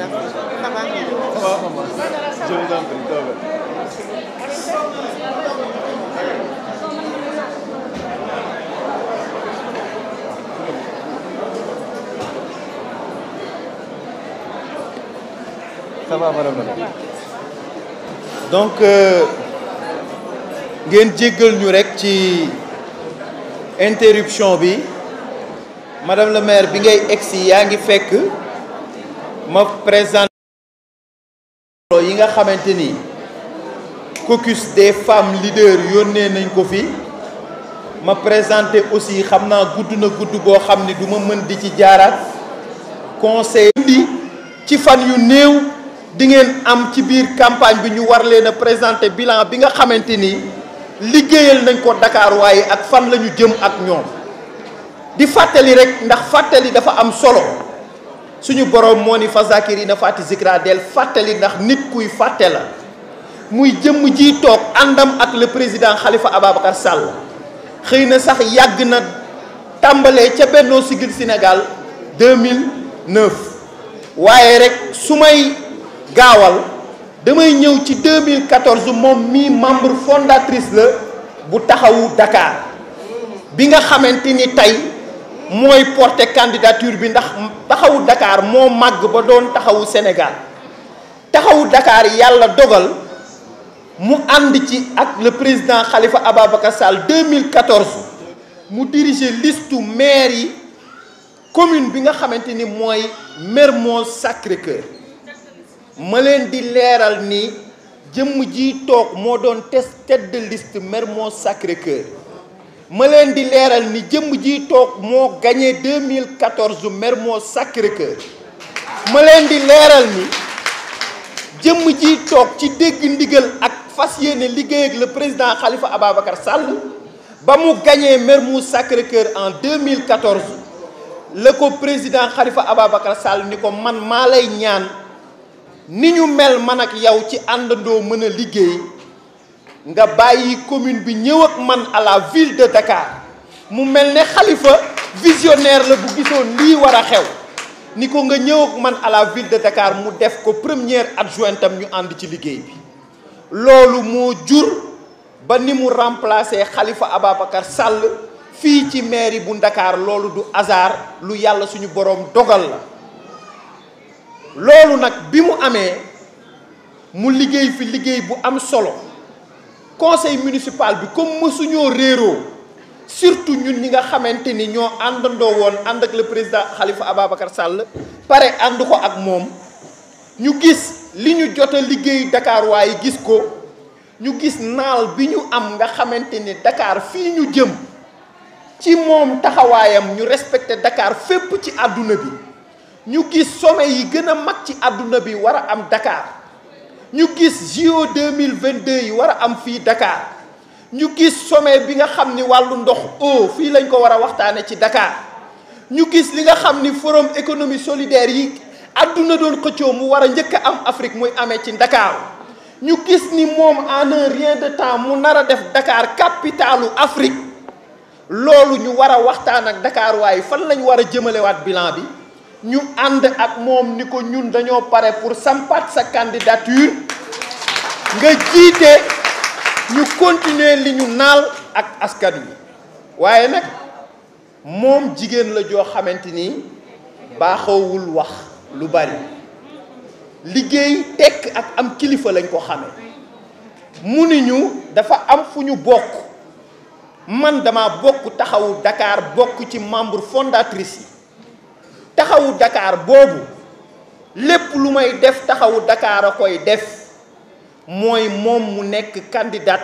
merci ça va. je vous donc euh, ngeen jéggal ñu rek ci interruption bi madame le maire bi ngay egsi yaa ngi fekk. ma présente yi nga xamante ni caucus des femmes leaders yónnee nañ ko fi ma présenté aussi xam naa gudd na gudd goo xam ni du ma mën di ci jaaraat conseil di ci fan yu néew di ngeen am ci biir campagne bi ñu war leen a présenté bilan bi nga xamante ni liggéeyal nañ ko Dakar waaye ak fan la ñu jëm ak ñoom di fàttali rek ndax fàttali dafa am solo suñu borom moo ni fa zakirina fàtti zikra del fàttali ndax nit kuy fàtte la muy jëmm ji toog àndam ak le président xalifa Ababacar Sall xëy na sax yàgg na tàmbalee ca Bennoo Siggil Sénégal 2009 waaye rek su may gaawal damay ñëw ci 2014 moom mii membre fondatrice la bu taxawu Dakar bi nga xamante ni tey mooy porter candidature bi ndax taxawu dakaar moo màgg ba doon taxawu Sénégal taxawu Dakar yàlla dogal mu ànd ci ak le président xalifa Ababacar Sall 2014 mu diriger listu maire yi commune bi nga xamante ni mooy Mermoz Sacré-Cœur ma leen di leeral ni jëmm ji toog moo doon test tête de liste Mermoz Sacré-Cœur ma leen di leeral ni jëmm ji toog moo gagné 2014 Mermoz Sacré-Cœur ma leen di leeral ni jëmm ji toog ci dégg ndigal ak fas yéene liggéey la président xalifa Ababacar Sall ba mu gañee Mermoz sacre cœur en 2014 la ko président xalifa Ababacar Sall ni ko man maa lay ñaan ni ñu mel man ak yow ci àndandoo mën a liggéey. nga bàyyi commune bi ñëw man à la ville de Dakar mu mel ni Khalifa visionnaire la bu gisoon lii war a xew ni ko nga ñëw man à la ville de Dakar mu def ko première adjointam ñu ànd ci liggéey bi loolu moo jur ba ni mu remplacer xalifa Ababacar sàll fii ci mairie bu Ndakaar loolu du hasard lu yàlla suñu boroom dogal la loolu nag bi mu amee mu liggéey fi liggéey bu am solo conseil municipal bi comme mësuñoo réeroo surtout ñun ñi nga xamante ni ñoo àndandoo woon ànd ak le président Khalifa Ababacar Sall pare ànd ko ak moom ñu gis li ñu jot a liggéey Dakar waaye gis ko ñu gis naal bi ñu am nga xamante ni Dakar fii ñu jëm ci moom taxawaayam ñu respecté dakaar fépp ci àdduna bi ñu gis some yi gën a mag ci àdduna bi war a am dakaar ñu gis JO 2022 yi war a am fii dakaar ñu gis sommet bi nga xam ni wàllu ndox eau fii lañ ko war a waxtaane ci dakaar ñu gis li nga xam ni forum économie solidaire yi àdduna doon xëccoo mu war a njëkk a am Afrique muy amee ci Dakar ñu gis ni moom en un rien de temps mu nar a def Dakar capitalu Afrique loolu ñu war a waxtaan ak Dakar waaye fan lañu war a jëmalewaat bilan bi ñu ànd ak moom ni ko ñun dañoo pare pour sampat sa candidature nga jiite ñu continuer li ñu naal ak askan wi waaye nag moom jigéen la joo xamante ni baaxawul wax lu bari liggéey tekk ak am kilifa lañ ko xamee mu ni ñu dafa am fu ñu bokk man dama bokk taxawu Dakar bokk ci membre fondatrice yi taxawu Dakar boobu lépp lu may def taxawu Dakar a koy def mooy moom mu nekk candidat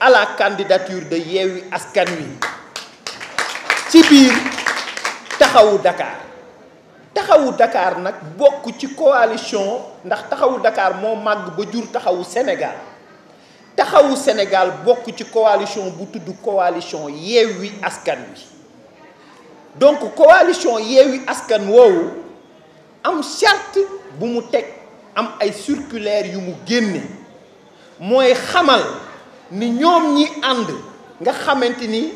à la candidature de Yewwi Askan Wi ci biir taxawu Dakar taxawu Dakar nag bokk ci coalition ndax taxawu Dakar moo màgg ba jur taxawu senegaal taxawu senegaal bokk ci coalition bu tudd coalition Yewwi Askan Wi donc coalition Yewwi Askan woowu am charte bu mu teg am ay circulaire yu mu génne mooy xamal ni ñoom ñi ànd nga xamante ni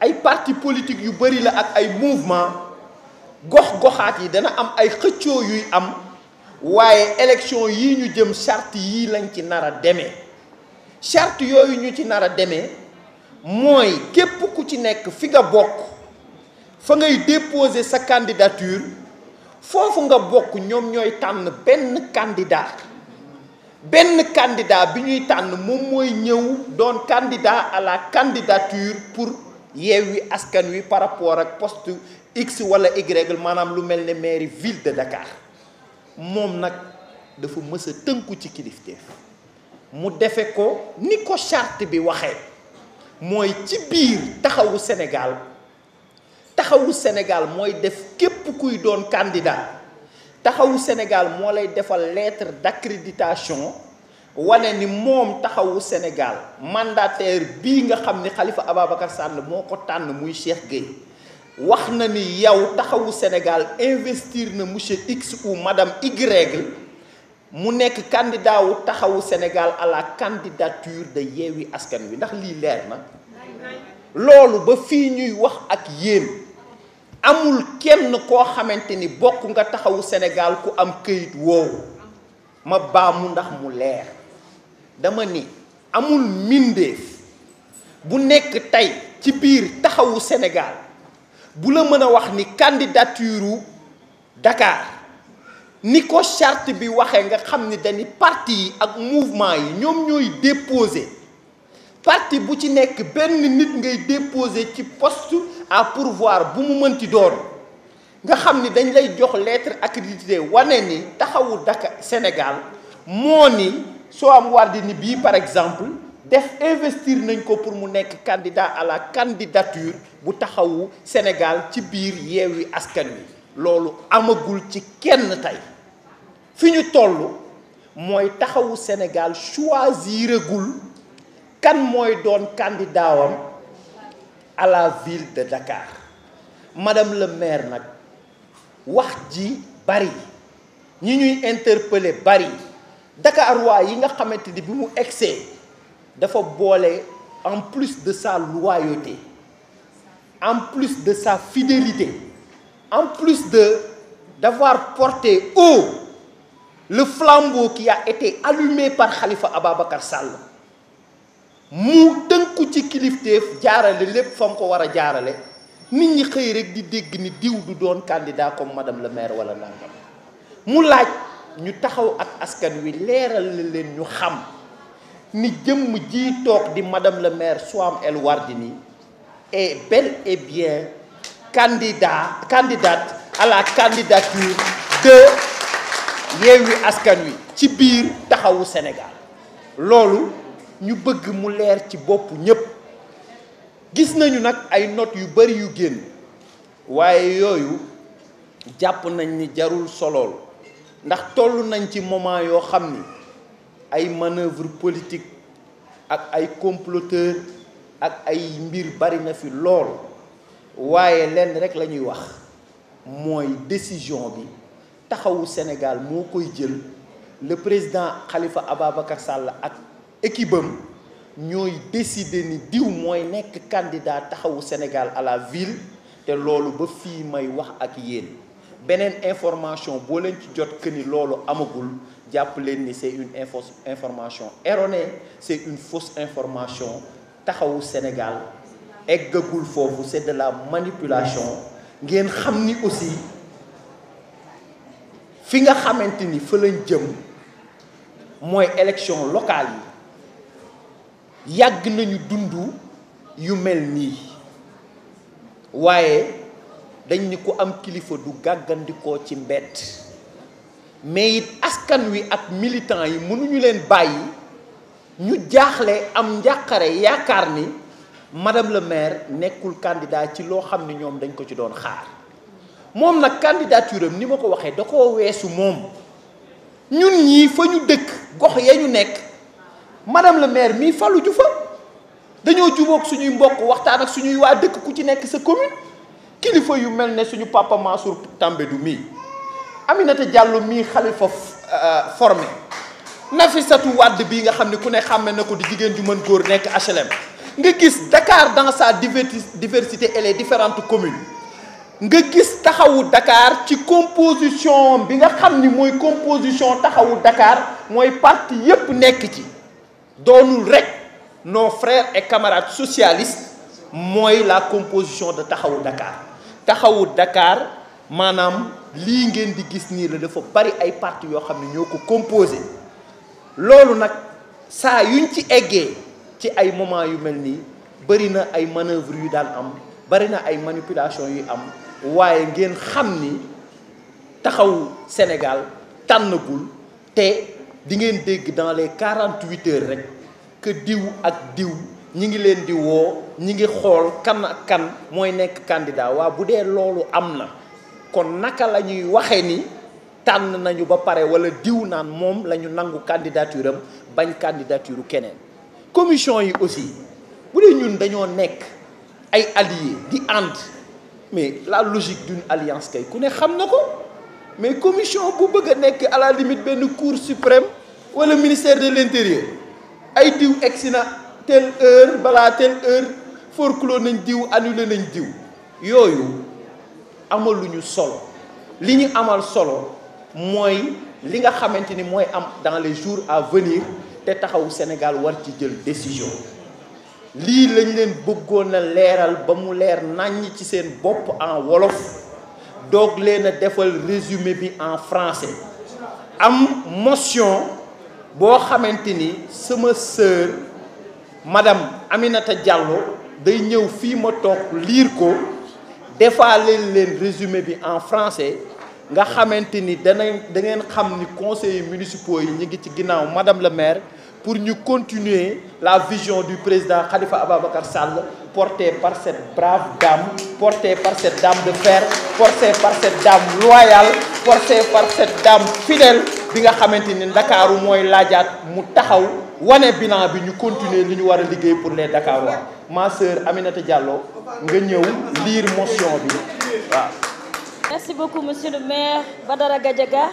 ay parti politique yu bëri la ak ay mouvement gox-goxaat yi dana am ay xëccoo yuy am waaye élection yi ñu jëm charte yii lañ ci nar a demee charte yooyu ñu ci nar a demee mooy képp ku ci nekk fi nga bokk fa ngay déposer sa candidature foofu nga bokk ñoom ñooy tànn benn candidat benn candidat bi ñuy tànn moom mooy ñëw doon candidat à la pour pour Yewwi Askan Wi par rapport ak poste x wala y maanaam lu mel ni mairie ville de Dakar moom nag dafa mës a tënku ci kilifteef mu defe ko ni ko charte bi waxee mooy ci biir taxawu Sénégal taxawu Sénégal mooy def képp kuy doon candidat taxawu Sénégal moo lay defal lettre d'accréditation wane ni moom taxawu Sénégal mandataire bii nga xam ni xalifa Ababacar Sall moo ko tànn muy Cheikh Gueye wax na ni yow taxawu Sénégal investir na monsieur X ou madame Y mu nekk candidat wu taxawu Sénégal à la candidature de Yewwi Askan Wi ndax lii leer na loolu ba fii ñuy wax ak yéen amul kenn koo xamante ni bokk nga taxawu Sénégal ku am këyit woowu ma baamu ndax mu leer dama ni amul mbindeef bu nekk tey ci biir taxawu Sénégal bu la mën a wax ni candidature Dakar ni ko charte bi waxee nga xam ni dañu parti yi ak mouvement yi ñoom ñooy déposé parti bu ci nekk benn nit ngay déposé ci poste à pourvoir bu mu mënti doon nga xam ni dañ lay jox lettre accrédité wane ni taxawu Dakar Sénégal moo ni soo am war di ni bii par exemple def investir nañ ko pour mu nekk candidat à la bu taxawu Sénégal ci biir Yewwi Askan Wi loolu amagul ci kenn tey fi ñu toll mooy taxawu Sénégal choisiragul kan mooy doon candidat à la ville de Dakar madame le maire nag wax ji bari ñi ñuy interpeller bari Dakar waa yi nga xamante ni bi mu egsee dafa boole en plus de sa loyauté en plus de sa fidélité en plus de d'avoir porté haut le flambeau qui a été allumé par xalifa Ababacar Sall mu tënku ci kilifteef jaarale lépp fa mu ko war a jaarale nit ñi xëy rek di dégg ni diw du doon candidat comme madame le maire wala nangam mu laaj ñu taxaw ak askan wi leeral la leen ñu xam ni jëmm ji toog di madame le maire Soham El Wardini est bel et bien candidat candidate à la candidature de Yewwi Askan Wi ci biir taxawu Sénégal loolu ñu bëgg mu leer ci bopp ñépp gis nañu nag ay not yu bari yu génn waaye yooyu jàpp nañ ni jarul solool ndax toll nañ ci moment yoo xam ni ay manœuvre politique ak ay comploteur ak ay mbir bari na fi lool waaye lenn rek la ñuy wax mooy décision bi taxawu Sénégal moo koy jël le président Khalifa Ababacar Sall ak équipe ñooy décider ni diw mooy nekk candidat taxawu Sénégal à la ville te loolu ba fii may wax ak yéen beneen information boo ci jot que ni loolu amagul jàpp leen ni c'est une info information erronée c'est une fausse information taxawu Sénégal eggagul foofu c'est de la manipulation ngeen xam ni aussi fi nga xamante ni fa jëm mooy élection locale yi yàgg nañu dund yu mel nii waaye dañ ni ko am kilifa du gàggandikoo ci mbett mais it askan wi ak militants yi mënuñu leen bàyyi ñu jaaxle am njàqare yaakaar ni madame le maire nekkul candidat ci loo xam ne ñoom dañ ko ci doon xaar moom nag candidature ni ma ko waxee da ko weesu moom ñun ñii fa ñu dëkk gox ya ñu nekk madame le maire mii falu ju fa dañoo jubóog suñuy mbokk waxtaan ak suñuy waa dëkk ku ci nekk sa commune kilifa yu mel ne suñu papa Mansour Tambédou mii Aminata Diallo mii xalifa euh, formé Nafisatu Wade bii nga xam ne ku ne xàmme na ko di jigéen ju mën góor nekk HLM nga gis Dakar dans sa diversité et les différentes commune nga gis taxawu Dakar ci composition bi nga xam ni mooy composition taxawu dakaar mooy parti yépp nekk ci doonul rek nos frères et camarades socialistes mooy la composition de taxawu Dakar taxawu Dakar maanaam lii ngeen di gis nii la dafa bari ay parti yoo xam ne ñoo ko composé loolu nag saa yuñ ci eggee ci ay moment yu mel nii bëri na ay manœuvres yu daan am bëri na ay manipulation yu am waaye ngeen xam ni taxawu Sénégal tànnagul te di ngeen dégg dans les quarante huit heures rek que diw ak diw ñi ngi leen di woo ñi ngi xool kan ak kan mooy nekk candidat waaw bu dee loolu am na kon naka la ñuy waxee ni tànn nañu ba pare wala diw naan moom la ñu nangu candidature am bañ candidature keneen commission yi aussi bu dee ñun dañoo nekk ay alliés di ànd mais la logique d'une alliance kay ku ne xam na ko mais commission bu bëgg a nekk à la limite benn cour suprême wala ministère de l'intérieur ay diw egsi na telle heure balaa telle heure forclos nañ diw annulé nañ diw yooyu amaluñu solo li ñu amal solo mooy li nga xamante ni mooy am dans les jours à venir te taxawu Sénégal war ci jël décision lii lañ leen bëggoon a leeral ba mu leer naññ ci seen bopp en wolof doog leen a defal résumé bi en français am motion boo xamante ni sama sœur madame Aminata Diallo day ñëw fii ma toog liir ko defaale leen résumé bi en français nga xamante ni dana da ngeen xam ni conseillers municipaux yi ñu ngi ci ginnaaw madame le maire pour ñu continuer la vision du président Khalifa Ababacar Sall portée par cette brave dame portée par cette dame de fer portée par cette dame loyale portée par cette dame fidèle bi nga xamante ni Ndakaaru mooy laajaat mu taxaw wane bilan bi ñu continuer li ñu war a liggéey pour les Dakarois ma sœur aminate Diallo nga ñëw lire motion bi waaw. merci beaucoup monsieur le maire Badara Gadiaga.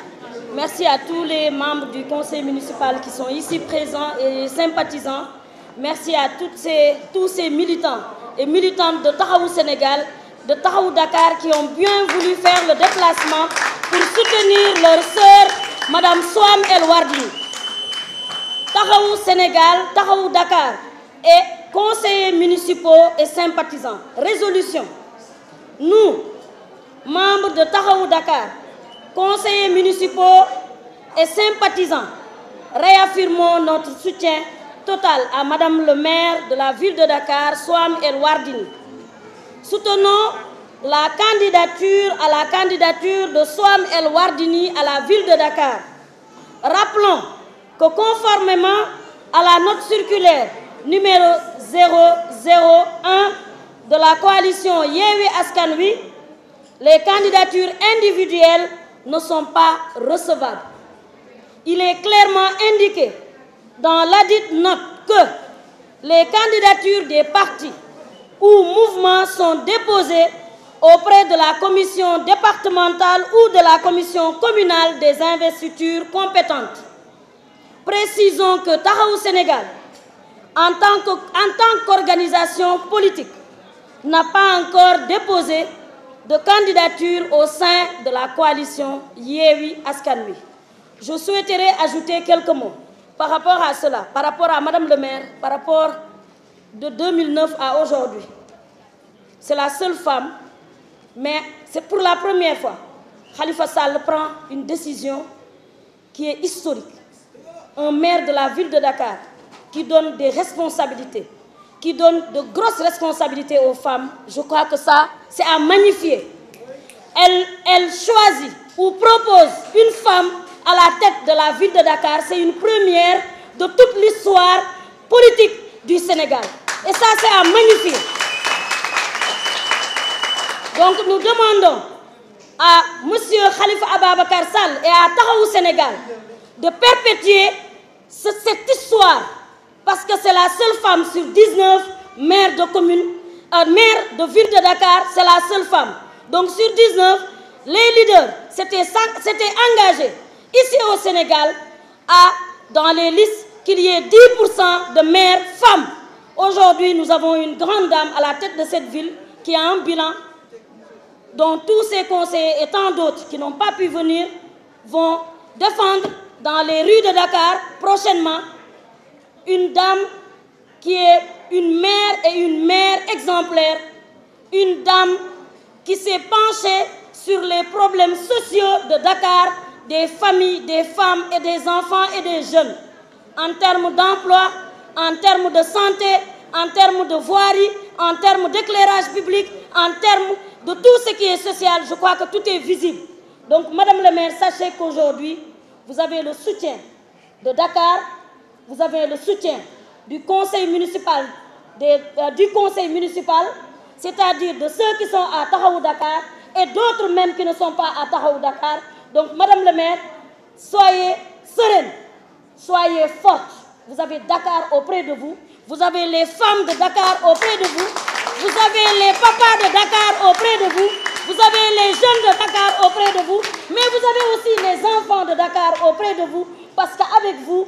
Merci à tous les membres du conseil municipal qui sont ici présents et sympathisants. Merci à toutes ces, tous ces militants et militantes de Tahaou Sénégal, de Tahaou Dakar qui ont bien voulu faire le déplacement pour soutenir leur sœur, Madame Soam El Wardi. Tahaou Sénégal, Tahaou Dakar et conseillers municipaux et sympathisants. Résolution. Nous, membres de Tahaou Dakar, conseillers municipaux et sympathisants, réaffirmons notre soutien total à Madame le maire de la ville de Dakar, Soham El Wardini. Soutenons la candidature à la candidature de Soham El Wardini à la ville de Dakar. Rappelons que conformément à la note circulaire numéro de la coalition Yewwi Askan les candidatures individuelles ne sont pas recevables. Il est clairement indiqué dans ladite note que les candidatures des partis ou mouvements sont déposées auprès de la commission départementale ou de la commission communale des investitures compétentes. Précisons que Tahaou Sénégal, en tant qu'organisation politique, n'a pas encore déposé de candidature au sein de la coalition Yewi Askanui. Je souhaiterais ajouter quelques mots par rapport à cela, par rapport à Madame le maire, par rapport de 2009 à aujourd'hui. C'est la seule femme, mais c'est pour la première fois. Khalifa Sall prend une décision qui est historique. Un maire de la ville de Dakar qui donne des responsabilités qui donne de grosses responsabilités aux femmes, je crois que ça, c'est à magnifier. Elle, choisit ou propose une femme à la tête de la ville de Dakar. C'est une première de toute l'histoire politique du Sénégal. Et ça, c'est à magnifier. nous demandons à M. Khalifa Ababakar Sall et à Tahaou Sénégal de perpétuer cette histoire parce que c'est la seule femme sur 19 maires de commune euh, de ville de la seule femme donc sur 19 les leaders s'étaient s'étaient engagés ici Sénégal à dans les listes qu'il y ait de maires femmes aujourd'hui nous avons de cette ville qui a un bilan dont tous ses conseillers et dans les rues de une dame qui est une mère et une mère exemplaire, une dame qui s'est penchée sur les problèmes sociaux de Dakar, des familles, des femmes et des enfants et des jeunes, en termes d'emploi, en termes de santé, en termes de voirie, en termes d'éclairage public, en termes de tout ce qui est social. Je crois que tout est visible. Donc, Madame le maire, sachez qu'aujourd'hui, vous avez le soutien de Dakar, vous avez le soutien euh, du conseil municipal c'est-à-dire de ceux qui sont à Tahaou Dakar et d'autres même qui ne sont pas à Tahaou Dakar. Donc, Madame le maire, soyez sereine, soyez forte. Vous avez Dakar auprès de vous, vous avez les femmes de Dakar auprès de vous, vous avez les jeunes de Dakar auprès de vous, mais vous avez aussi les enfants de Dakar auprès de vous, parce qu'avec vous,